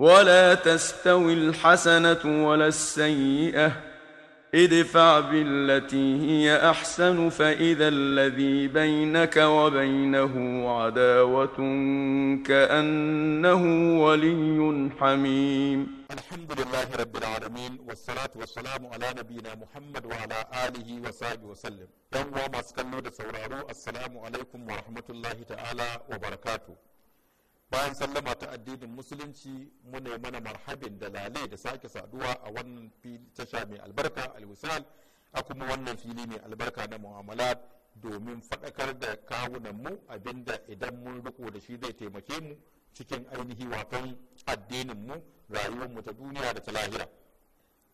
ولا تستوي الحسنة ولا السيئة ادفع بالتي هي أحسن فإذا الذي بينك وبينه عداوة كأنه ولي حميم الحمد لله رب العالمين والصلاة والسلام على نبينا محمد وعلى آله وصحبه وسلم يوم ما سكنوا السلام عليكم ورحمة الله تعالى وبركاته bayan sallama ta addinin musulunci muna mana marhabin da lalai da sake saduwa a wannan tasha mai albarka alwisal a kuma wannan fili mai albarka na mu'amala domin faɗakar da kawunan mu abinda idan mun riko da shi zai taimake mu cikin ainihi watan addinin mu rayuwar mu ta duniya da ta lahira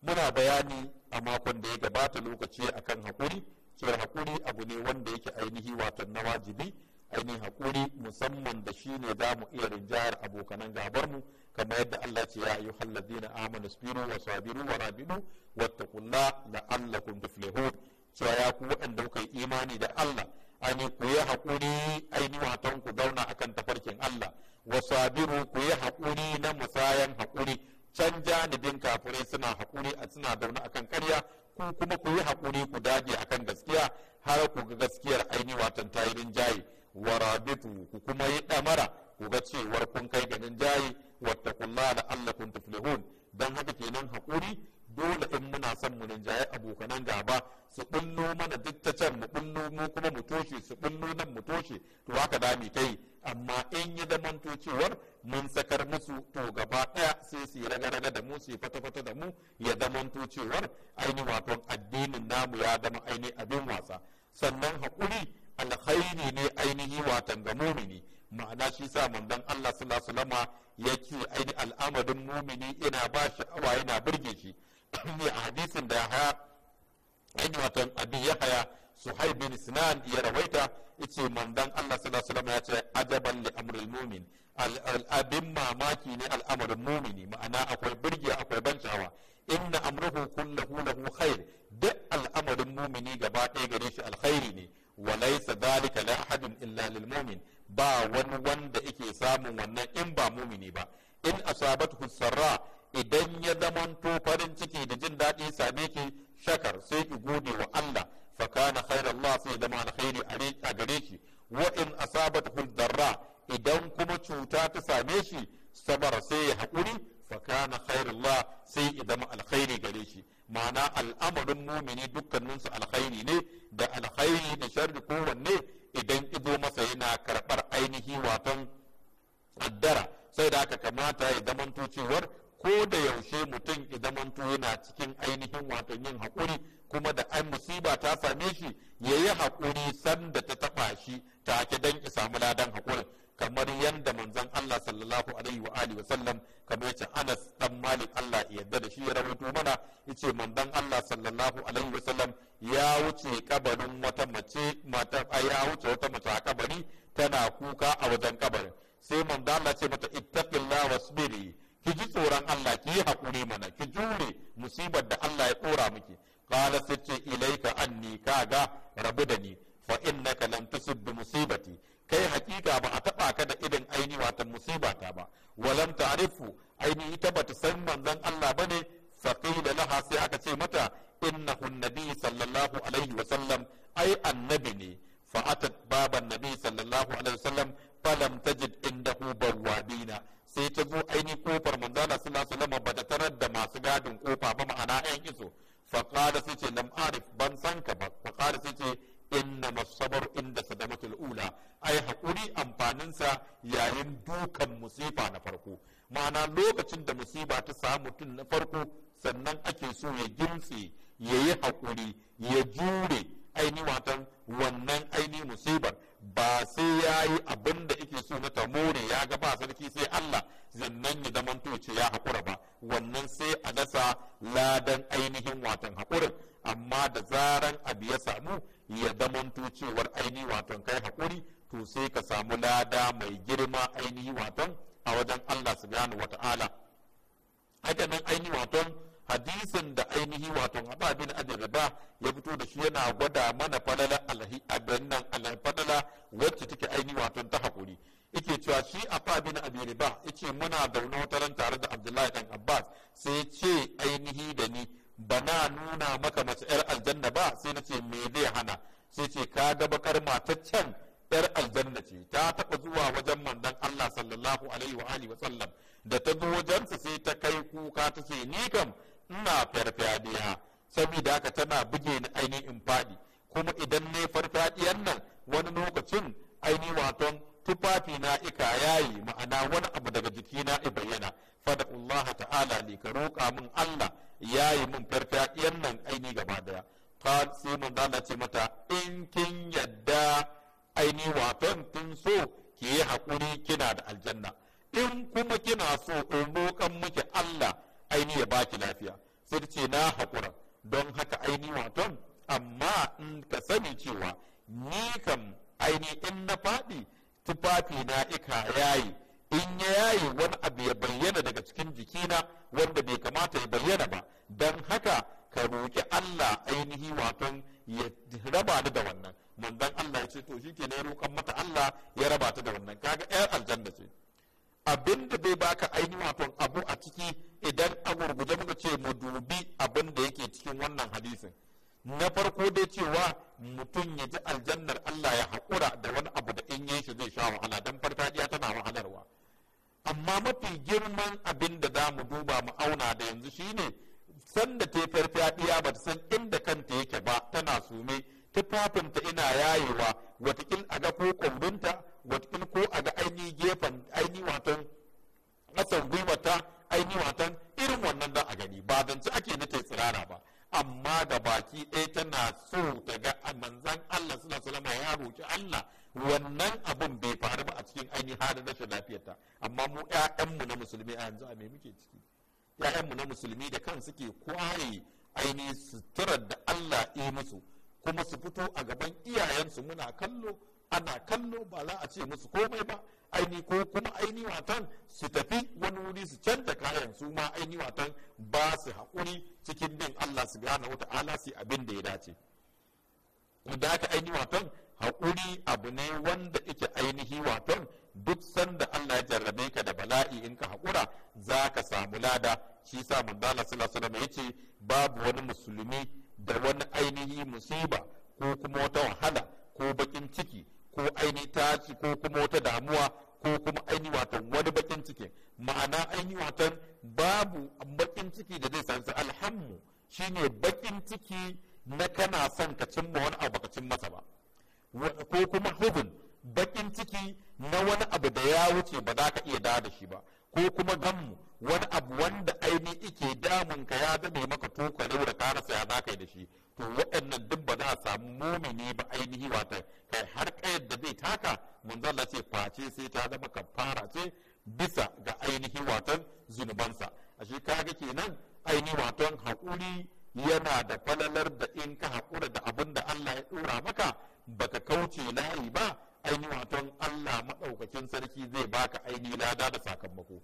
muna bayani a makon da ya gabata lokaci akan hakuri cewa hakuri abu ne wanda yake ainihi watan na wajibi ainihin hakuri musamman da shi ne za mu iya rinjayar abokanan gabarmu kamar yadda Allah ce ya ayu halladina amanu sabiru wa sabiru wa rabidu wattaqulla la'allakum tuflihun cewa ya ku waɗanda kuka yi imani da Allah ani ku yi hakuri ainihin watan ku zauna akan tafarkin Allah wa sabiru ku yi hakuri na musayan hakuri can janibin kafirai suna hakuri a suna zaune akan karya ku kuma ku yi hakuri ku dage akan gaskiya har ku ga gaskiyar ainihin watan tayirin rinjaye. warabitu ku kuma yi damara ku ga cewar kun kai ganin jayi wattaqullaha la'allakum tuflihun Don haka kenan hakuri dole in muna son mu rinjaye abokanan gaba su bullo mana duk ta mu bullo mu kuma mu toshe su bullo nan mu toshe to haka da ni kai amma in yi to cewar mun sakar musu to gaba daya sai su yi raga-raga da mu su yi fata-fata da mu ya to cewar aini wato addinin namu ya zama aini abin wasa sannan haƙuri alkhairi ne ainihi watan ga mumini ma'ana shi sa manzon Allah sallallahu alaihi yake aini al'amadin mumini ina ba shi awa yana burge shi ne a hadisin da ya aini watan abin ya haya suhaib bin sinan ya rawaita yace manzon Allah sallallahu alaihi ya ce ajaban li amril mumin al'abin mamaki ne al'amarin mumini ma'ana akwai burge akwai ban sha'awa inna amruhu kullahu lahu khair duk al'amarin mumini gaba ɗaya gare shi alkhairi ne wa laysa dhalika li ahadin mu'min ba wani wanda yake samun wannan in ba mumini ba in asabatu sarra idan ya zamanto farin ciki da jin daɗi same ki shakar sai ki gode wa Allah fa kana khairallah sai zama alkhairi a gare ki wa in asabatu darra idan kuma cuta ta same shi sabar sai ya haƙuri fa kana khairallah sai ya zama alkhairi gare shi ma'ana al'amarin mumini dukkaninsu alkhairi ne da alkhairi da sharri kowanne idan izo masa yana karɓar ainihi watan addara sai da aka kamata ya zamanto cewar ko da yaushe mutum ya zamanto yana cikin ainihin watan yin haƙuri kuma da an musiba ta same shi ya yi haƙuri sanda ta taɓa shi take don ya samu ladan haƙurin kamar yadda manzon Allah sallallahu alaihi wa alihi wasallam kamar yace Anas dan Malik Allah ya yarda da shi ya rawaito mana yace manzon Allah sallallahu alaihi wasallam ya wuce kabarin wata mace mata ya wuce wata mace a kabari tana kuka a wajen kabarin sai manzon Allah ce mata ittaqillah wasbiri ki ji tsoron Allah ki yi hakuri mana ki jure musibar da Allah ya tsora miki qala sai ce ilaika anni kaga rabu da ni fa innaka lam tusib bi musibati kai hakika ba a taba ka da irin aini wata musiba ta ba walam ta'rifu aini ita bata san manzon Allah bane faqila laha sai aka ce mata innahu nabi sallallahu alaihi wa sallam ai annabi ne fa atat baban nabi sallallahu alaihi wa sallam falam tajid indahu bawabina sai ta zo aini kofar manzana sallallahu alaihi wa bata tarar da masu gadin kofa ba ma'ana yan iso fa qala sai ce lam arif ban san ka ba fa qala sai ce inna masabar inda sadamatul ula ai haƙuri amfaninsa yayin dukan musifa na farko ma'ana lokacin da musiba ta samu mutum na farko sannan ake so ya gimtse ya yi haƙuri ya jure aini watan wannan aini musibar ba sai ya yi abin da ake so na tamore ya ga ba sarki sai Allah zannan ya zamanto ya haƙura ba wannan sai a dasa ladan ainihin watan haƙurin amma da zaran abu ya samu ya zamanto cewar ainihi waton kai hakuri to sai ka samu lada mai girma ainihi waton a wajen Allah subhanahu wata'ala haka nan ainihi waton hadisin da ainihi waton Aba bin Adirba ya fito da shi yana gwada mana falala alhi adannan falala wacce take ainihi waton ta hakuri. yake cewa shi Aba bin Adirba ce muna zaune wata ran tare da Abdullahi dan Abbas sai ce ainihi da ni ba na nuna maka mace yar aljanna ba sai na ce me zai hana sai ce ka ga bakar mataccen yar aljanna ce ta taɓa zuwa wajen mandan Allah sallallahu alaihi wa alihi wa sallam da ta zo wajen su sai ta kai kuka ta ce ni kam ina farfadiya saboda haka tana buge ni ainihin in faɗi kuma idan ne farfadiyan nan wani lokacin aini waton tufafi na ika yayi ma'ana wani abu daga jikina i bayyana fada ta'ala ne ka roƙa min Allah ya yi mun farfadiyar nan aini gaba daya qal sai mun dana ce mata in kin yadda aini waton tun so ki yi hakuri kina da aljanna in kuma kina so in roƙan miki Allah aini ya baki lafiya sai ta ce na hakura don haka aini waton amma in ka sani cewa ni kam aini in na faɗi tufafi na ika yayi in ya yayi wani abu ya bayyana daga cikin jikina wanda bai kamata ya bayyana ba ainihi wato ya raba ni da wannan manzon Allah ya ce to shi ke ne roƙon mata Allah ya raba ta da wannan kaga yar aljanna ce abin da bai baka ainihin wato abu a ciki idan a gurguje muka ce mu dubi abin da yake cikin wannan hadisin na farko dai cewa mutum ya ji aljannar Allah ya haƙura da wani abu da in yi shi zai sha wahala don farfajiya tana wahalarwa amma mafi girman abin da za mu duba mu auna da yanzu shine ne sanda ta farfadiya ba ta san inda kanta yake ba tana sume tufafinta ina yayewa watakil a ga ko kumbinta watakil ko a ga aini gefen aini watan asan gwiwata aini watan irin wannan da a gani ba zance ake na ta tsirara ba amma da baki ɗaya tana so ta ga manzan Allah suna salama ya roƙi Allah wannan abun bai faru ba a cikin aini halin rashin lafiyarta amma mu ƴaƴanmu na musulmi a yanzu a me muke ciki 'ya'yanmu na musulmi da kan suke kware ainihin suturar da allah ya musu kuma su fito a gaban iyayensu muna kallo ana kallo ba za a ce musu komai ba aini ko kuma aini watan su tafi wani wuri su canta kayan su ma aini watan ba su haƙuri cikin bin Allah su gane wata ala su abin da ya dace da aka aini watan haƙuri abu ne wanda ike ainihi watan duk sanda Allah ya jarrabe ka da bala'i in ka haƙura za ka samu lada shi sa manzala sallallahu alaihi yace babu wani musulmi da wani ainihi musiba ko kuma wata wahala ko bakin ciki ko aini taci ko kuma wata damuwa ko kuma aini watan wani bakin ciki ma'ana aini watan babu bakin ciki da zai sansa alhammu shine bakin ciki na kana son ka cimma wani abu ka cimma masa ba ko kuma hubun bakin ciki na wani abu da ya wuce ba za ka iya da da shi ba ko kuma ganmu wani abu wanda aini ike damun ka ya zame maka tuka da ka rasa ya za ka yi da shi to waɗannan duk ba za a samu mumini ba ainihi wata kai har kayar da zai taka mun zalla ce face sai ta zama kafara ce bisa ga ainihi watan zunubansa a shi kaga kenan ainihi watan haƙuri yana da falalar da in ka haƙura da abin da Allah ya ɗora maka baka kauce layi ba Ainihi wato Allah maɗaukakin sarki zai baka ainihi lada da sakamako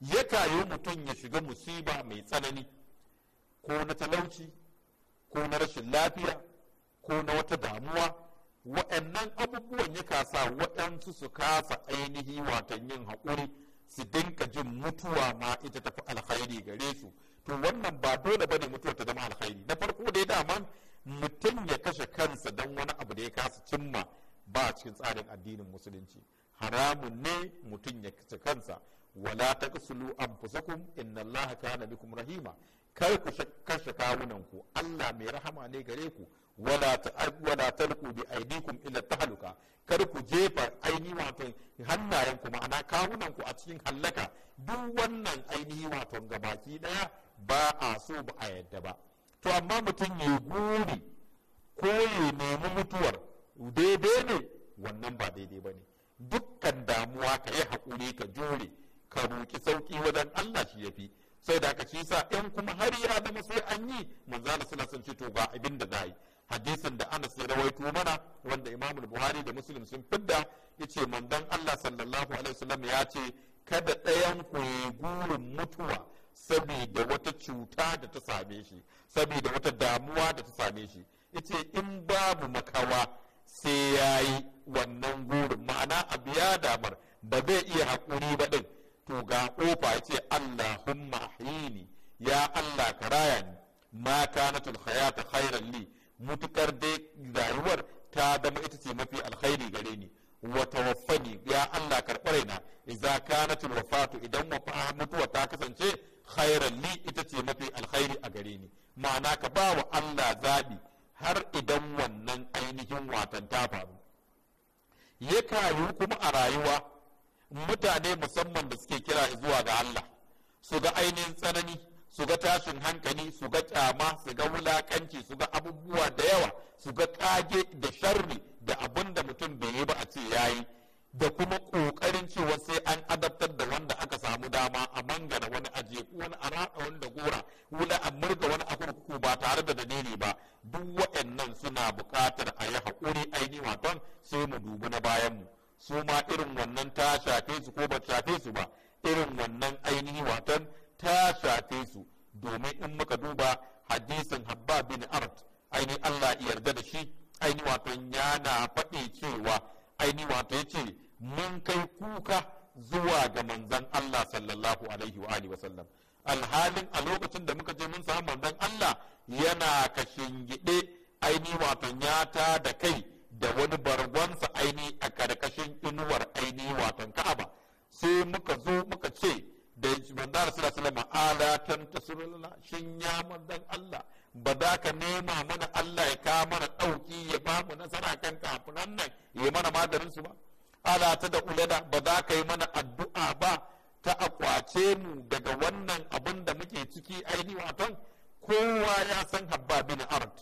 ya kayo mutum ya shiga musiba mai tsanani ko na talauci ko na rashin lafiya ko na wata damuwa wa'annan abubuwan ya kasa waɗansu su kasa ainihi watan yin haƙuri su dinka jin mutuwa ma ita tafi alkhairi gare su to wannan ba dole ba ne mutuwar ta zama alkhairi na farko dai dama mutum ya kashe kansa don wani abu da ya kasa cimma ba cikin tsarin addinin musulunci haramun ne mutum ya kace kansa wala taqsulu anfusakum inna allaha kana bikum rahima kar ku kashe kawunanku Allah mai rahama ne gare ku wala ta wala talqu bi aydikum ila tahluka kar ku jefa aini wato hannayen ku ma'ana kawunan a cikin hallaka duk wannan ainihi wato baki daya ba a so ba a yadda ba to amma mutum ya guri ko ya nemi mutuwar daidai ne wannan ba daidai ba ne dukkan damuwa ka yi haƙuri ka jure ka roƙi sauƙi wajen Allah shi ya fi sai da aka shi sa in kuma har ya zama sai an yi manzana suna son ce to ga abin da za yi hadisin da Anas ya rawaito mana wanda Imam Buhari da Muslim sun fidda ce manzan Allah sallallahu alaihi wasallam ya ce kada ɗayan ku gurin mutuwa saboda wata cuta da ta same shi saboda wata damuwa da ta same shi Ice in babu makawa sai ya yi wannan burin ma'ana a biya damar da zai iya haƙuri ba ɗin to ga ƙofa ce allahumma ahyini ya allah ka raya ni ma kanatul hayata khairan li mutukar dai rayuwar ta zama ita ce mafi alkhairi gare ni wa tawaffani ya allah karɓare na idza kanatul wafatu idan wafa mutuwa ta kasance khairan li ita ce mafi alkhairi a gare ni ma'ana ka ba wa allah zaɓi har idan wannan ainihin watan ta faru ya kayu kuma a rayuwa mutane musamman da suke kira zuwa ga Allah su ga ainihin tsanani su ga tashin hankali su ga kyama su ga wulakanci su ga abubuwa da yawa su ga kage da sharri da abin da mutum bai yi ba a ce yayi da kuma kokarin cewa sai an adabtar da wanda aka samu dama a mangana wani aji ko wani a wani da gora wani a murga wani a kurkuku ba tare da dalili ba duk waɗannan suna buƙatar a yi haƙuri aini waton sai mu dubi na bayan mu su ma irin wannan ta shafe su ko ba shafe su ba irin wannan ainihi watan ta shafe su domin in muka duba hadisin habba bin art aini Allah yarda da shi aini watan yana faɗi cewa aini wato ya ce mun kai kuka zuwa ga manzan Allah sallallahu alaihi wa alihi wasallam alhalin a lokacin da muka je mun samu manzan Allah yana gide aini watan yata da kai da wani bargonsa aini a karkashin inuwar aini watan Ka'aba sai muka zo muka ce da manzan Allah sallallahu alaihi sallam shin ya manzan Allah ba za ka nema mana Allah ya ka mana ɗauki ya ba mu nasara kan kafinan nan ya mana madarin su ba ala ta da da ba za ka yi mana addu'a ba ta akwace mu daga wannan abin da muke ciki ainihi kowa ya san habba bin ard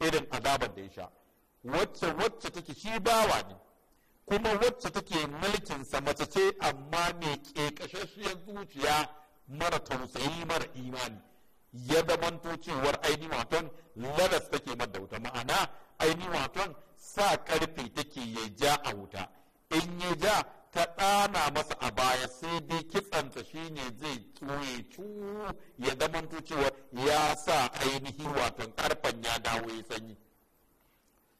irin azabar da ya sha wacce wacce take shi bawa ne kuma wacce take mulkinsa mace ce amma mai ƙeƙashashiyar zuciya mara tausayi mara imani ya zamanto cewar ainihin waton ladas take madda wuta ma'ana ainihin waton sa karfe take ya ja a wuta in ya ja ta ɗana masa a baya sai dai kitsanta shine zai tsoye cu ya zamanto cewa ya sa ainihi watan karfan ya dawo ya sanyi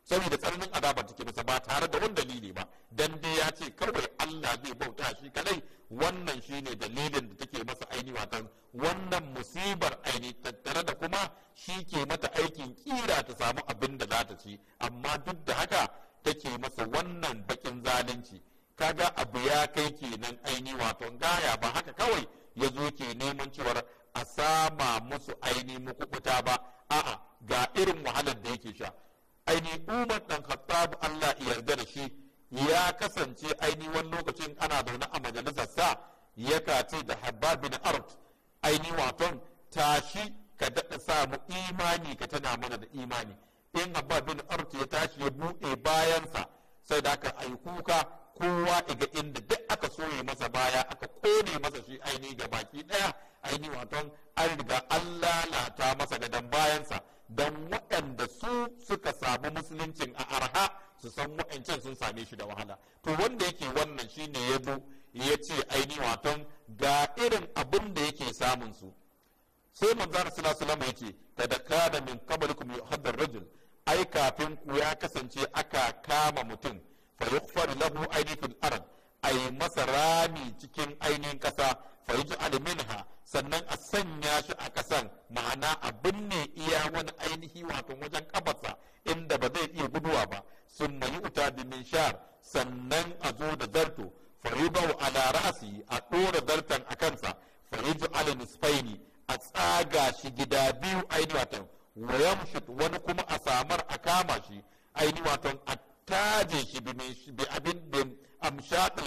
saboda tsananin azaba take masa ba tare da wani dalili ba dan dai ya ce kawai Allah zai bauta shi kadai wannan shine dalilin da take masa aini watan wannan musibar aini tattare da kuma shi ke mata aikin kira ta samu abin da za ta ci amma duk da haka take masa wannan bakin zalunci kaga abu ya kai kenan aini wato gaya ba haka kawai ya zo ke neman cewar a sama musu aini mukukuta ba a'a ga irin wahalar da yake sha aini umar dan khattab Allah ya yarda da shi ya kasance aini wani lokacin ana zaune a majalisar sa ya kace da habab bin art aini wato tashi ka daɗa samu imani ka tana mana da imani in abba bin ark ya tashi ya buɗe bayansa sai da aka ayi kuka kowa daga inda duk aka soye masa baya aka kone masa shi aini ga baki ɗaya aini waton an riga an lalata masa gadon bayansa don waɗanda su suka samu musuluncin a arha su san waɗancan sun same shi da wahala to wanda yake wannan shine ya bu ya ce aini waton ga irin abin da yake samun su sai manzara sallallahu alaihi wasallam yace kada kada min qablikum yuhaddar rajul ai kafin ku ya kasance aka kama mutum fa yughfar lahu ainihin arad ai masa rami cikin ainihin kasa fa yuj'al minha sannan a sanya shi a kasan ma'ana a binne iya wani ainihi wato wajen kafarsa inda ba zai iya guduwa ba sun mai uta bi shar sannan a zo da zarto fa yubau ala ra'si a dora zartan a kansa fa yuj'al nisfaini a tsaga shi gida biyu ainihin wa wani kuma a samar a kama shi aini waton a taje shi bi abin bin amshatul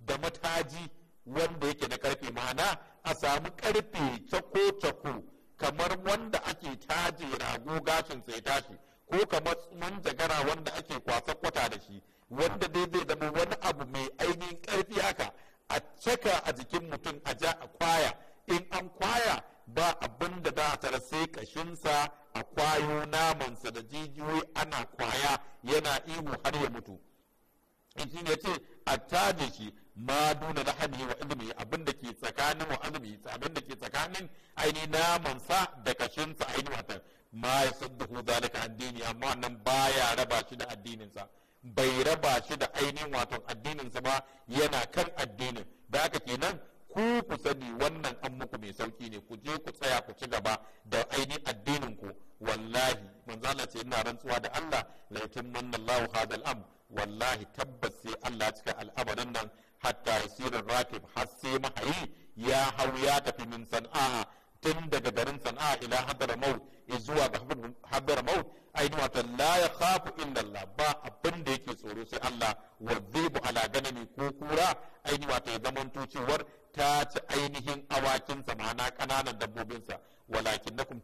da mataji wanda yake na karfe ma'ana a samu karfe cako-cako kamar wanda ake taje rago gashin sai tashi ko kamar manjagara wanda ake kwasa kwata da shi wanda dai zai zama wani abu mai ainihin karfi haka a caka a jikin mutum a ja a kwaya in an kwaya ba abin da za a tara sai kashinsa a kwayo namansa da jijiyoyi ana kwaya yana ihu har ya mutu shi ne ce a shi ma duna na hadi wa ilimi abin da ke tsakanin wa ilmi abin da ke tsakanin aini namansa da kashinsa aini wata ma ya da zalika addini amma nan baya raba shi da addininsa bai raba shi da ainihin wato addininsa ba yana kan addinin da haka kenan ku ku sani wannan an muku mai sauki ne ku je ku tsaya ku ci gaba da ainihin addinin ku wallahi manzo ce ina rantsuwa da Allah la yutimmanna Allahu hadal am wallahi tabbas sai Allah cika al'amarin nan hatta yasirin rakib har sai mahayi ya hau ya tafi min sana'a tun daga garin sana'a ila hadar maut zuwa ga hadar maut ainihin wata la ya khafu illa Allah ba abin da yake tsoro sai Allah wa zibu ala ganami ko kura ainihin wata ya zamanto cewar ta ci ainihin awakin zamana ƙananan dabbobinsa walakin na kum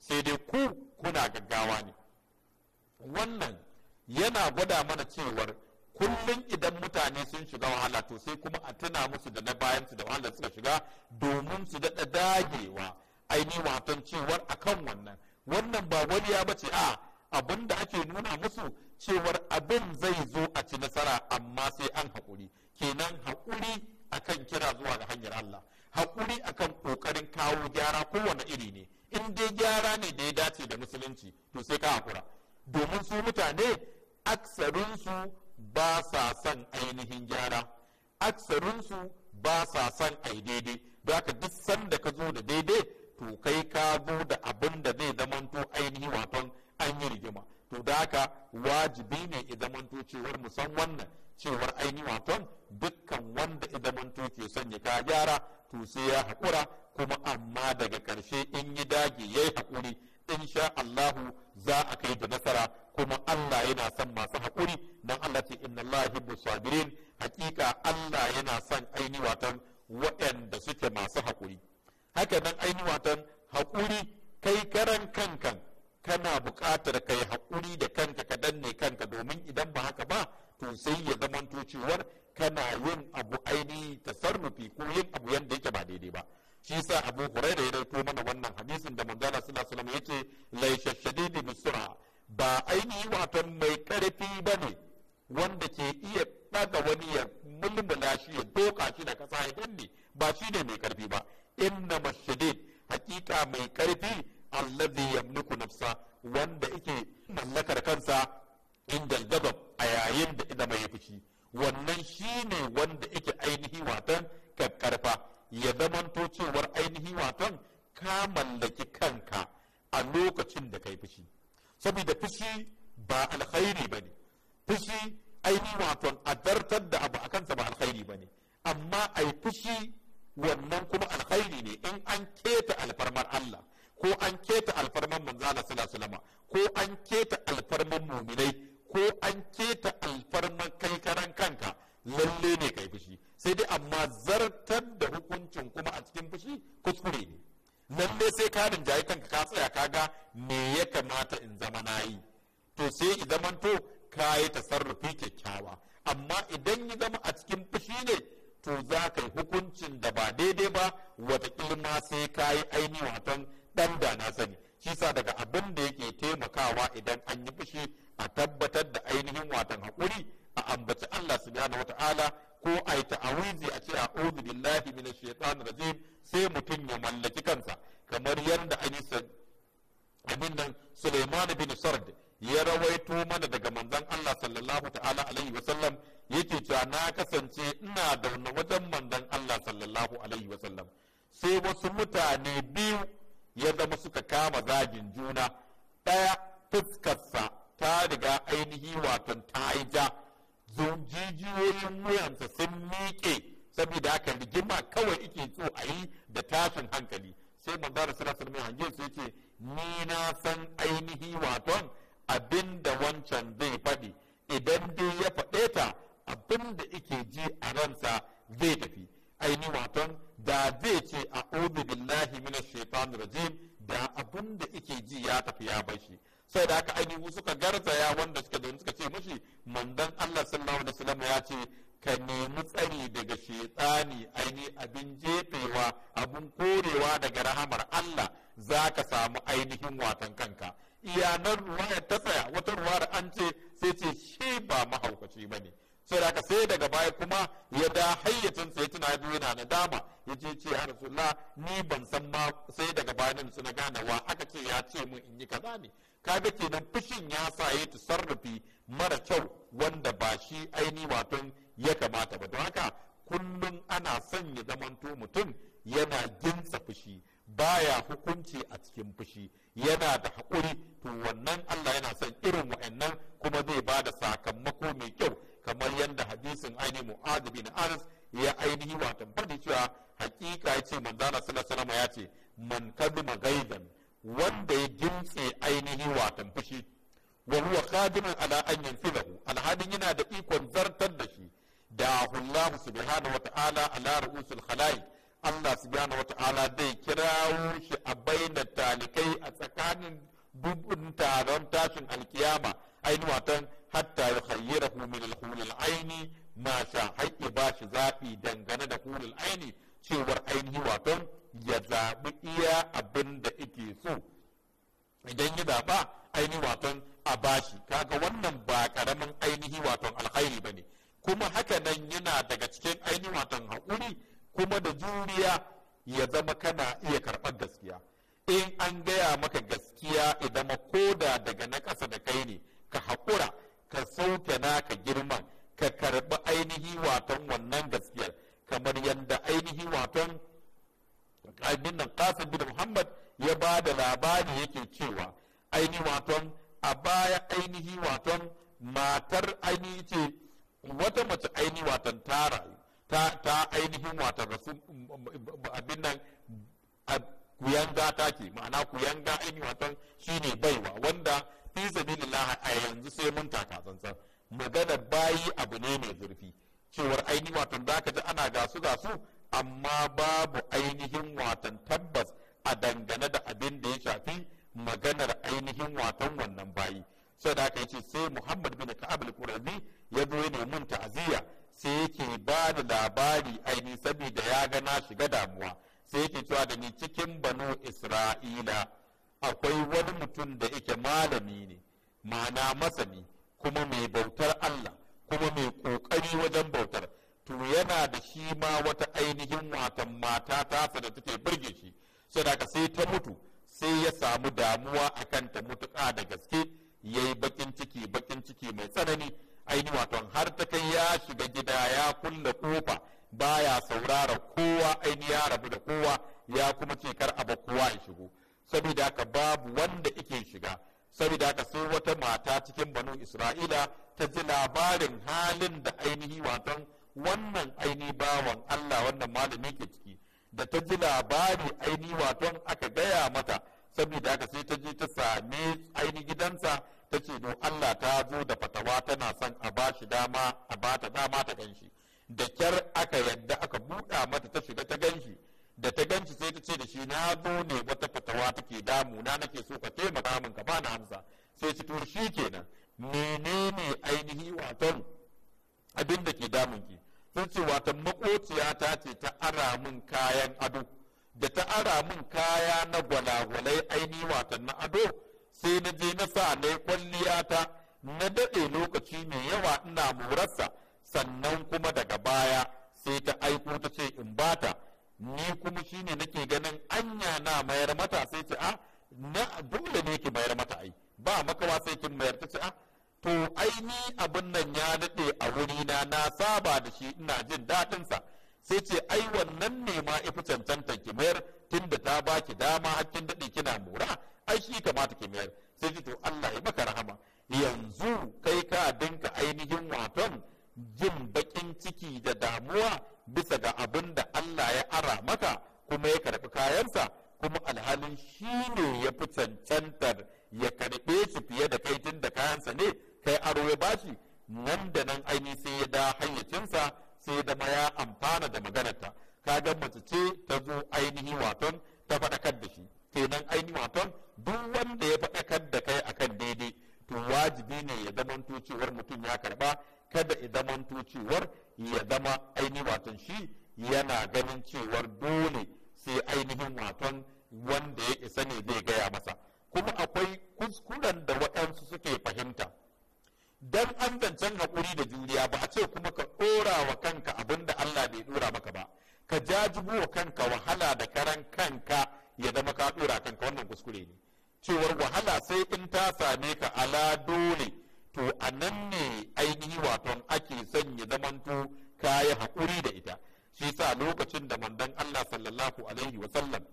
sai dai ku kuna gaggawa ne wannan yana gwada mana cewar kullum idan mutane sun shiga wahala to sai kuma a tuna musu da na bayan su da wahala suka shiga domin su daɗa dagewa ainihin watan cewar akan wannan wannan ba wani ya bace a abin da ake nuna musu cewar abin zai zo a ci nasara amma sai an haƙuri kenan haƙuri akan kira zuwa ga hanyar Allah hakuri akan kokarin kawo gyara kowane iri ne in dai gyara ne da ya dace da musulunci to sai ka hakura domin su mutane aksarinsu ba sa son ainihin gyara aksarinsu ba sa son ai daidai don haka duk sanda ka zo da daidai to kai ka zo da abin da zai zamanto ainihin waton an yi rigima to da haka wajibi ne ya zamanto cewar mu wannan ba ainihi watan mai karfi ba ne wanda ke iya ɗaga wani ya mulmula shi ya doka shi da kasa ya danne ba shi ne mai karfi ba inna mashadid hakika mai ƙarfi allazi yamliku nafsa wanda yake mallakar kansa inda gabab a yayin da ina mai fushi wannan shi ne wanda yake ainihi watan kakkarfa ya zamanto cewar ainihi watan ka mallaki kanka a lokacin da kai fushi saboda fushi ba alkhairi ba ne fushi aini wato adartar da abu a kansa ba alkhairi ba ne amma ai fushi wannan kuma alkhairi ne in an keta alfarmar Allah ko an keta alfarmar manzala sallallahu ko an keta alfarmar muminai ko an keta alfarmar kai karan kanka lalle ne kai fushi sai dai amma zartar da hukuncin kuma a cikin fushi kuskure ne Nan ne sai ka rinjaye kanka ka tsaya ka ga me ya kamata in zama na yi to sai ki zamanto ka yi tasarrufi kyakkyawa amma idan ya zama a cikin fushi ne to za ka yi hukuncin da ba daidai ba wata ma sai ka yi aini watan dan da na sani shi sa daga abin da yake taimakawa idan an yi fushi a tabbatar da ainihin watan haƙuri a ambaci Allah subhanahu wata'ala ko a yi ta'awizi a ce a uzu billahi min shaitan rajim sai mutum ya mallaki kansa kamar yadda an yi abin nan Suleiman bin Sard ya rawaito mana daga manzon Allah sallallahu ta'ala alaihi wa sallam yake cewa na kasance ina da wajen manzon Allah sallallahu alaihi wa sallam sai wasu mutane biyu ya zama suka kama zagin juna ɗaya fuskarsa ta riga ainihi watan ta ja jijiyoyin wuyansa sun miƙe saboda haka rigima kawai ike so a yi da tashin hankali sai manzo da sallallahu alaihi wasallam sai ce ni na san ainihi waton abinda wancan zai faɗi idan dai ya faɗe ta abinda ike ji a ransa zai tafi aini waton da zai ce a'udhu billahi minash shaitanir rajim da abinda ike ji ya tafi ya bashi shi sai da aka ainihu suka garzaya wanda suka zo suka ce mashi mandan Allah sallallahu alaihi wasallam ya ce ka nemi tsari daga shetsani aini abin jefewa abin korewa daga rahamar Allah zaka samu ainihin watan kanka iyanar Ruwaya ta tsaya wata Ruwaya an ce sai ce shi ba mahaukaci ba ne sai da sai daga baya kuma ya da hayyacin sai tuna ya yana na dama ya ce ce har ni ban san ma sai daga baya nan suna gane wa aka ce ya ce mun in yi kaza ne kaga kenan fushin ya sa ya sarrafi mara kyau wanda ba shi aini wato ya kamata ba don haka kullum ana son ya zamanto mutum yana ginsa fushi baya hukunci a cikin fushi yana da haƙuri to wannan Allah yana son irin wa'annan kuma zai ba da sakamako mai kyau kamar yadda hadisin aini mu'adu bin anas ya ainihi watan fadi cewa hakika ya ce manzana sallallahu alaihi ya ce man kaduma gaidan wanda ya gintse ainihi watan fushi wa huwa qadimun ala an yanfidahu alhadin yana da ikon zartar da shi da Allah subhanahu wata'ala ala ru'usul Allah subhanahu wata'ala zai kirawo shi a baina talikai a tsakanin dubun taron tashin alkiyama ainihi watan hatta ya khayyara min al aini ma sha haƙƙi ba shi zaɓi dangane da hulul aini cewar ainihi watan ya zaɓi iya a. idan ya zaɓa ainihi waton a bashi kaga wannan ba karamin ainihi waton alkhairi ba ne kuma haka nan yana daga cikin ainihi waton haƙuri kuma da juriya ya zama kana iya karɓar gaskiya in an gaya maka gaskiya idan koda daga na ƙasa da kai ne ka haƙura ka sauke ka girma ka karɓi ainihi waton wannan gaskiyar kamar yadda ainihi waton abin nan kasim bin muhammad ya ba da labari yake cewa ainihin waton a baya ainihi waton matar ainihi ce wata mace ainihin waton ta rayu ta ainihin waton rasu abin nan kuyanga ta ke ma'ana kuyanga ainihin waton shine baiwa wanda fi sabilillah a yanzu sai mun taka tsantsan magana bayi abu ne mai zurfi cewar ainihin watan za ka ji ana gasu gasu amma babu ainihin watan tabbas a dangane da abin da ya shafi maganar ainihin watan wannan bayi sai da aka ce sai Muhammad bin Ka'ab al-Qurazi ya zo ya nemi ta'aziyya sai yake ba da labari aini saboda ya ga na shiga damuwa sai yake cewa da ni cikin bano Isra'ila akwai wani mutum da yake malami ne ma'ana masani kuma mai bautar Allah kuma mai kokari wajen bautar to yana da shi ma wata ainihin watan mata tasa da take burge shi ka sai ta mutu sai ya samu damuwa a kan ta mutuka da gaske ya yi bakin ciki bakin ciki mai tsanani ainihin waton har ta kai ya shiga gida ya kulle kofa baya saurara kowa aini ya rabu da kowa ya kuma ce kar aba kowa ya shigo saboda haka babu wanda ike shiga saboda ka sai wata mata cikin banu isra'ila ta ji labarin halin da ainihi waton wannan aini bawan allah wannan malami ke ciki da ta ji labari aini waton aka gaya mata saboda haka sai ta je ta same aini gidansa ta ce no Allah ta zo da fatawa tana son a ba shi dama a ba ta dama ta ganshi da kyar aka yadda aka buɗa mata ta shiga ta ganshi da ta ganshi sai ta ce da shi na zo ne wata fatawa take damu na nake so ka taimaka min ka bani amsa sai ta to shi kenan menene ainihi waton abin da ke damun ki sai ce wata makociya ce ta ara min kayan ado da ta ara min kaya na gwalagwalai aini watan na ado sai na je na sa na kwalliya ta na daɗe lokaci mai yawa ina murarsa sannan kuma daga baya sai ta aiko ta ce in bata ni kuma shine nake ganin anya na mayar mata sai ce a ah, na dole ne ki mayar mata ai ba makawa sai kin mayar ta ce a ah, to aini abin nan ya daɗe a wuri na na saba da shi ina jin daɗinsa sai ce ai wannan ne ma ifi cancantar ki mayar tunda ta baki dama hakkin daɗe kina mura ai shi kamata ki mayar sai ce to Allah ya maka rahama yanzu kai ka dinka ainihin waton jin baƙin ciki da damuwa bisa ga abin da Allah ya ara maka kuma ya karɓi kayansa kuma alhalin shi ne ya fi cancantar ya karɓe su fiye da kai tun da kayansa ne kai aro ya bashi nan da nan aini sai ya da hayyacinsa sai da ma ya amfana da maganarta kaga mace ce ta zo ainihi waton ta faɗakar da shi kenan aini waton duk wanda ya faɗakar da kai akan daidai to wajibi ne ya zama cewar mutum ya karba kada ya zama cewar ya zama aini waton shi yana ganin cewar dole sai ainihin waton wanda ya isa ne zai gaya masa kuma akwai kuskuren da waɗansu suke fahimta don an zancen haƙuri da juriya ba a ce kuma ka ɗora wa kanka abin da Allah bai ɗora maka ba ka jajibu wa kanka wahala da karan kanka ya zama ka ɗora kanka wannan kuskure ne cewar wahala sai in ta same ka ala dole to a nan ne ainihi waton ake son ya zamanto ka yi haƙuri da ita shi sa lokacin da mandan Allah sallallahu alaihi wa sallam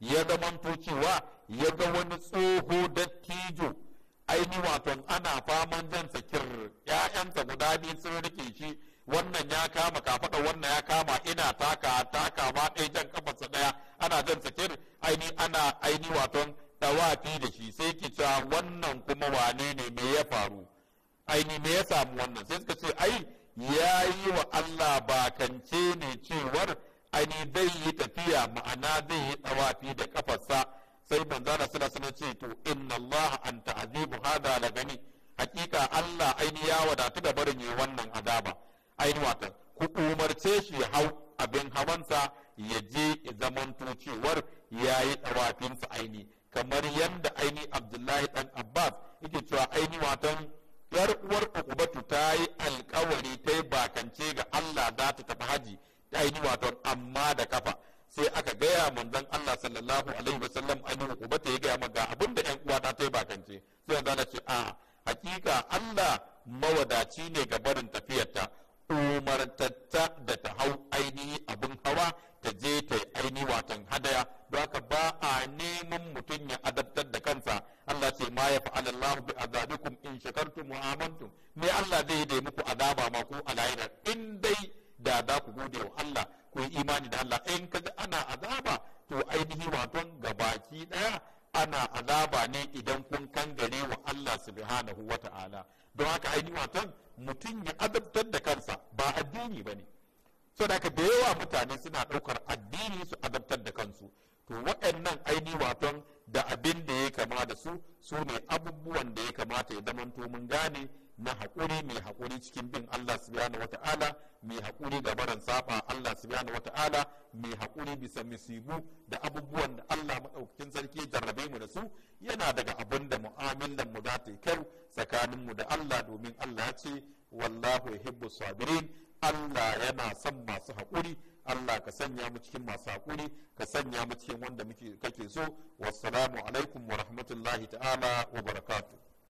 ya zamanto cewa ya ga wani tsoho dattijo aini wato ana faman jan sakir ya'yansa guda biyu sun rike shi wannan ya kama kafaɗa wannan ya kama ina taka taka ma ɗaya jan kafarsa ɗaya ana jan sakir aini ana aini wato tawafi da shi sai ki cewa wannan kuma wane ne me ya faru aini me ya samu wannan sai suka ce ai ya yi wa Allah bakance ne cewar aini zai yi tafiya ma'ana zai yi tawafi da kafarsa sai manzala sallallahu alaihi wasallam ce to inna Allah an ta'zibu hada la gani hakika Allah aini ya wadatu da barin yi wannan azaba aini wata ku umarce shi hau abin hawansa ya je zamanto cewar ya yi tsawafinsa aini kamar yadda aini abdullahi dan abbas yake cewa aini watan yar uwar ubatu ta yi alkawari ta yi bakance ga allah za ta tafi haji aini watan amma da kafa sai aka gaya manzon Allah sallallahu alaihi wasallam an yi ubata ya gaya ma ga abin da ƴan uwa ta tai bakance sai ya Allah ce a hakika Allah mawadaci ne ga barin tafiyarta umartatta da ta hau ainihi abin hawa ta je ta aini watan hadaya don haka ba a neman mutum ya adabtar da kansa Allah ce ma ya fa'ala Allah bi azabikum in shakartum wa amantum me Allah zai yi muku azaba ma ku a lahira in dai da za ku gode wa Allah ku yi imani da Allah in kaga ana azaba to ainihi waton baki daya ana azaba ne idan kun kangare wa Allah subhanahu wa ta'ala don haka ainihi waton mutum ya azabtar da kansa ba addini bane so da ka da yawa mutane suna daukar addini su azabtar da kansu to waɗannan ainihi waton da abin da ya kama da su su ne abubuwan da ya kamata ya zamanto mun gane na haƙuri mai haƙuri cikin bin Allah subhanahu wata'ala mai haƙuri ga barin safa Allah subhanahu wata'ala mai haƙuri bisa musibu da abubuwan da Allah maɗaukakin sarki jarrabe mu da su yana daga abin da mu'amalan mu za ta yi kyau tsakanin mu da Allah domin Allah ya ce wallahu yuhibbu sabirin Allah yana son masu haƙuri Allah ka sanya mu cikin masu haƙuri ka sanya mu cikin wanda muke kake so wassalamu alaikum wa rahmatullahi ta'ala wa barakatuh